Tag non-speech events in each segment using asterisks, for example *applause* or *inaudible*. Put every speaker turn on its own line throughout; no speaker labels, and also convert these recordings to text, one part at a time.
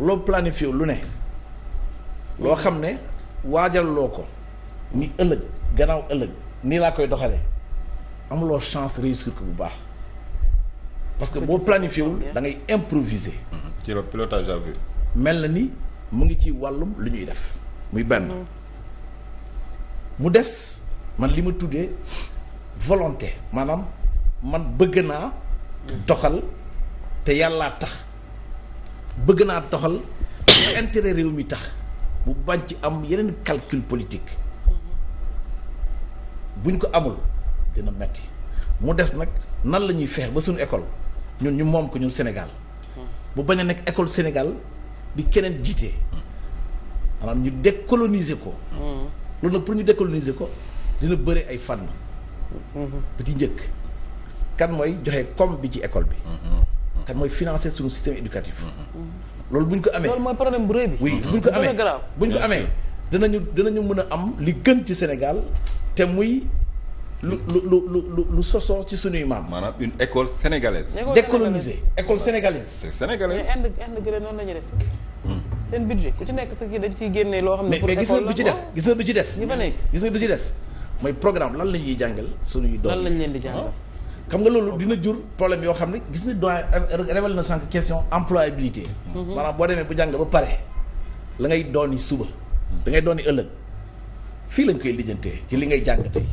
loo planifié lu ne loo xam ne waajal loo ko ni ëllëg gannaaw ëllëg ni laa koy doxalee amuloo chance réussir ko bu baax parce que boo planifié wul da ngay improviser. Mhm. ci le pilotage mel na ni mu ngi ci wàllum lu ñuy def muy benn mhm. mu des man li ma tuddee volonté maanaam man bëgg naa mhm. doxal te yàllaa tax bëgg naa toxal intérêt réew mi tax mu bañ ci am yeneen calcul politique buñ ko amul dina metti mu des nag nan la ñuy feex ba suñu école ñun ñu moom ko ñun Sénégal bu bañ a nekk école Sénégal di keneen jiite maanaam ñu décoloniser ko loolu nag pour ñu décoloniser ko dina bëri ay fan bi ci njëkk kan mooy joxe comme bi ci école bi kan mooy financer suñu système éducatif. loolu bu ñu ko amee loolu mooy problème bu rëy bi. oui bu ñu ko amee bu ñu ko amee danañu danañu mën a am li gën ci Sénégal te muy. lu lu lu lu lu sosoo ci suñuy maam. maanaam une école sénégalaise. décolonisée école sénégalaise. c'est sénégalaise mais Inde Inde gën a noonu la ñuy def. seen budget ku ci nekk sa kii dañ ciy génne loo xam ne. pour école mais gis nga bi ci des gis nga bi ci des. ñi fa nekk gis nga bi ci des mooy programme lan la ñuy jàngal suñuy doom lan lañ leen di jàngal. xam nga loolu dina jur problème yoo xam ne gis ni doyen révèle na sànq question employabilité. Mhm. maanaam boo demee bu jàng ba pare la ngay dooni suba da ngay dooni ëllëg fii lañ koy lijjantee ci li ngay jàng tey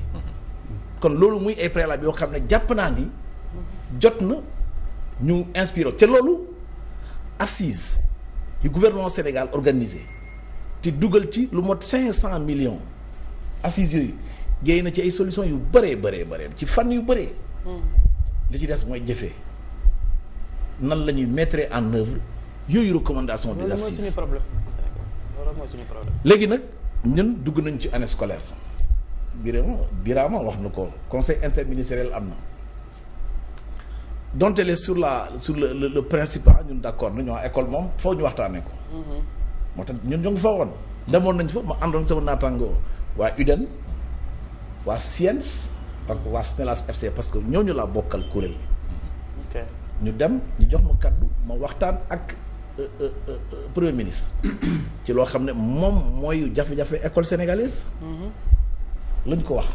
kon loolu muy ay préalable yoo xam ne jàpp naa ni jot na ñu inspiré te loolu assise yu gouvernement Sénégal organiser te dugal ci lu mot cinq cent millions assises yooyu géey na ci ay solutions yu bëree bëree bëree ci fan yu bëree li ci des mooy jëfe nan la ñuy mettre en œuvre yooyu recommandation des assises loolu mooy problème loolu mooy suñu léegi nag ñun dugg nañ ci anne scolaire Birama Birama wax na ko conseil interministériel am na donte les sur la sur le le, le principal ñun d' accord ñu wax école moom foo ñu waxtaanee ko. Mhm. moo tax ñun ñoo ngi fa woon. demoon nañ fa ma àndoon sama naataango waa UDEN waa science ak waa Stellas FC parce que ñooñu laa bokkal kuréel ok ñu dem ñu jox ma kaddu ma waxtaan ak euh, euh, euh, premier ministre *coughs* ci loo xam ne moom mooy jafe-jafe école sénégalaise mm-hmm. lañ ko wax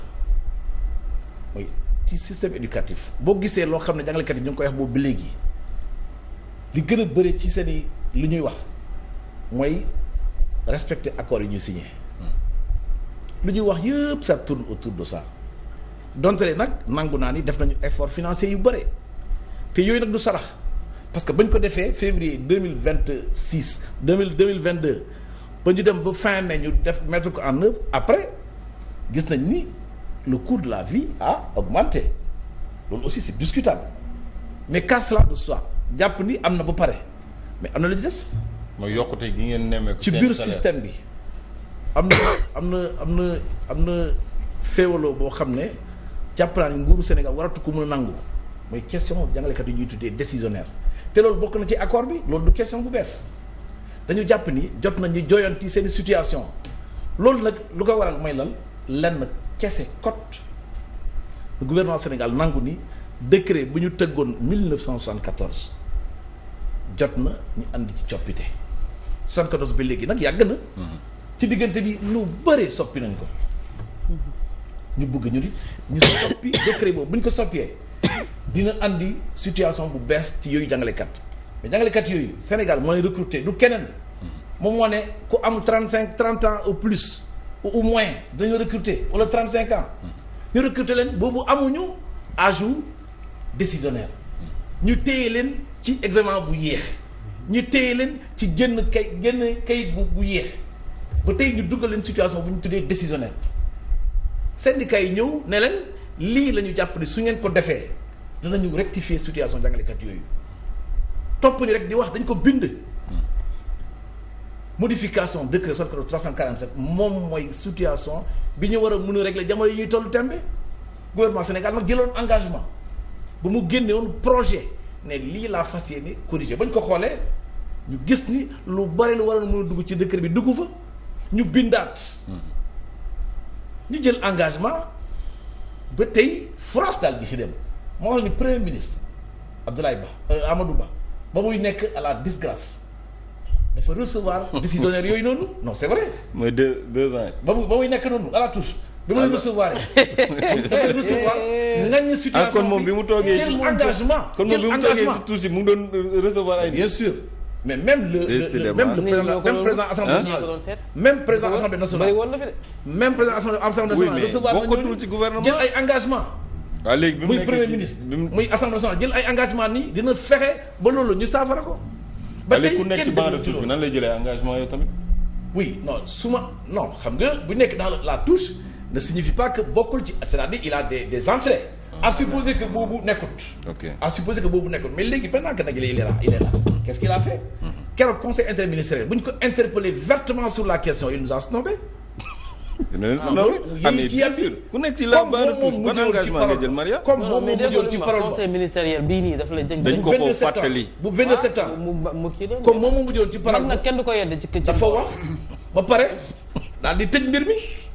mooy ci système éducatif boo gisee loo xam ne jàngalekat yi ñu ngi koy wax boobu ba léegi li gën a bëri ci seen i lu ñuy wax mooy respecter accords yi ñu signé mm. lu ñuy wax yëpp sa tourne autour de donte nag nangu naa ni def nañu effort financier yu bare te yooyu nag du sarax parce que bañ ko defee février deux mille vingt six deux mille deux mille vingt deux ba ñu dem ba fin mai ñu def mettre ko en œuvre après gis nañ ni le coût de la vie a augmenté loolu aussi c'est discutable mais qu'à cela de soi jàpp ni am na ba pare mais am na lu ñu des. mooy yokkute gi ngeen nemmeeku. ci biir système bi am na am na am na am na féewaloo boo xam ne. jàpp naa ni nguuru Sénégal waratu ko mën a nangu mooy question jàngalekat yi ñuy tuddee décisionnaire te loolu bokk na ci accord bi loolu du question bu bees dañu jàpp ni jot ñu joyanti seen situation loolu nag lu ko waral mooy lan lenn kese cote gouvernement Sénégal nangu ni décret bu ñu tëggoon 1974 jot na ñu ànd ci coppite 74 ba léegi nag yàgg na. Mm-hmm. ci diggante bi lu bëree soppi nañ ko. ñu bugg ñu ni ñu soppi décret boobu bu ñu ko soppee dina andi situation bu bees ci yooyu jàngalekat mais jàngalekat yooyu Sénégal moo lay recruter du keneen moom moo ne ku am trent cinq trente ans au plus ou au moins dañoo recruter wala trente cinq ans ñu recruter leen boobu amuñu âge décisionnaire ñu téye leen ci examen bu yéex ñu téye leen ci génn kay génn kayit bu bu yéex ba tey ñu duggal leen situation bu ñu tuddee décisionnaire syndicat yi ñëw ne lii la ñu jàpp ne su ngeen ko defee danañu rectifier situation jàngalekat yooyu topp ñu rek di wax dañ ko bind. modification décret soxna 347 moom mooy situation bi ñu war a mën a régler jamono yi ñuy tollu tembe gouvernement Sénégal nag jëloon engagement ba mu génne woon projet ne lii laa fas yéene corriger ba ñu ko xoolee ñu gis ni lu bari lu war mën a dugg ci décret bi dugg fa ñu bindaat. Mm-hmm. ñu jël engagement ba tey France di ci dem moo wax ni premier ministre Abdoulaye Ba euh, Amadou Ba ba muy nekk à la disgrâce dafa recevoir *laughs* décisionnaire yooyu noonu no c'est vrai. mooy deux deux ans. ba mu ba muy nekk noonu à bi ma leen recevoir yi dama *laughs* ah, mu toogee jël engagement kon moom bi mu toogee touche yi euh, recevoir ay bien sûr mais même le, le, le même le président même président assemblée président assemblée nationale même président assemblée nationale ci gouvernement jël ay engagement waaw ah, léegi bi muy premier ministre muy assemblée nationale jël ay engagement nii dina fexe ba loolu ñu saafara ko ba tey ku nekk ci banc de touche bi nan lay jëlee engagement yow tamit oui non su ma non xam nga bu nekk daal la touche ne signifie pas que bokkul ci c'est-à-dire il a des entrées à ah, supposer que boobu nekkut à supposer que boobu nekkut mais léegi pendant que qu'est-ce qu'il a keroog conseil interministériel bu ñu ko interpellé vertement sur la question il nous a snobé *laughs* ah, ah, ku nekk ci la barre touche ban engagement nga jël Maria comme moom moo mujjoon ci parole conseil ministériel bii nii daf lay ah, comme moom moo mujjoon ci parole nag kenn du ko yedd ci dafa wax ba pare daal di tëj mbir mi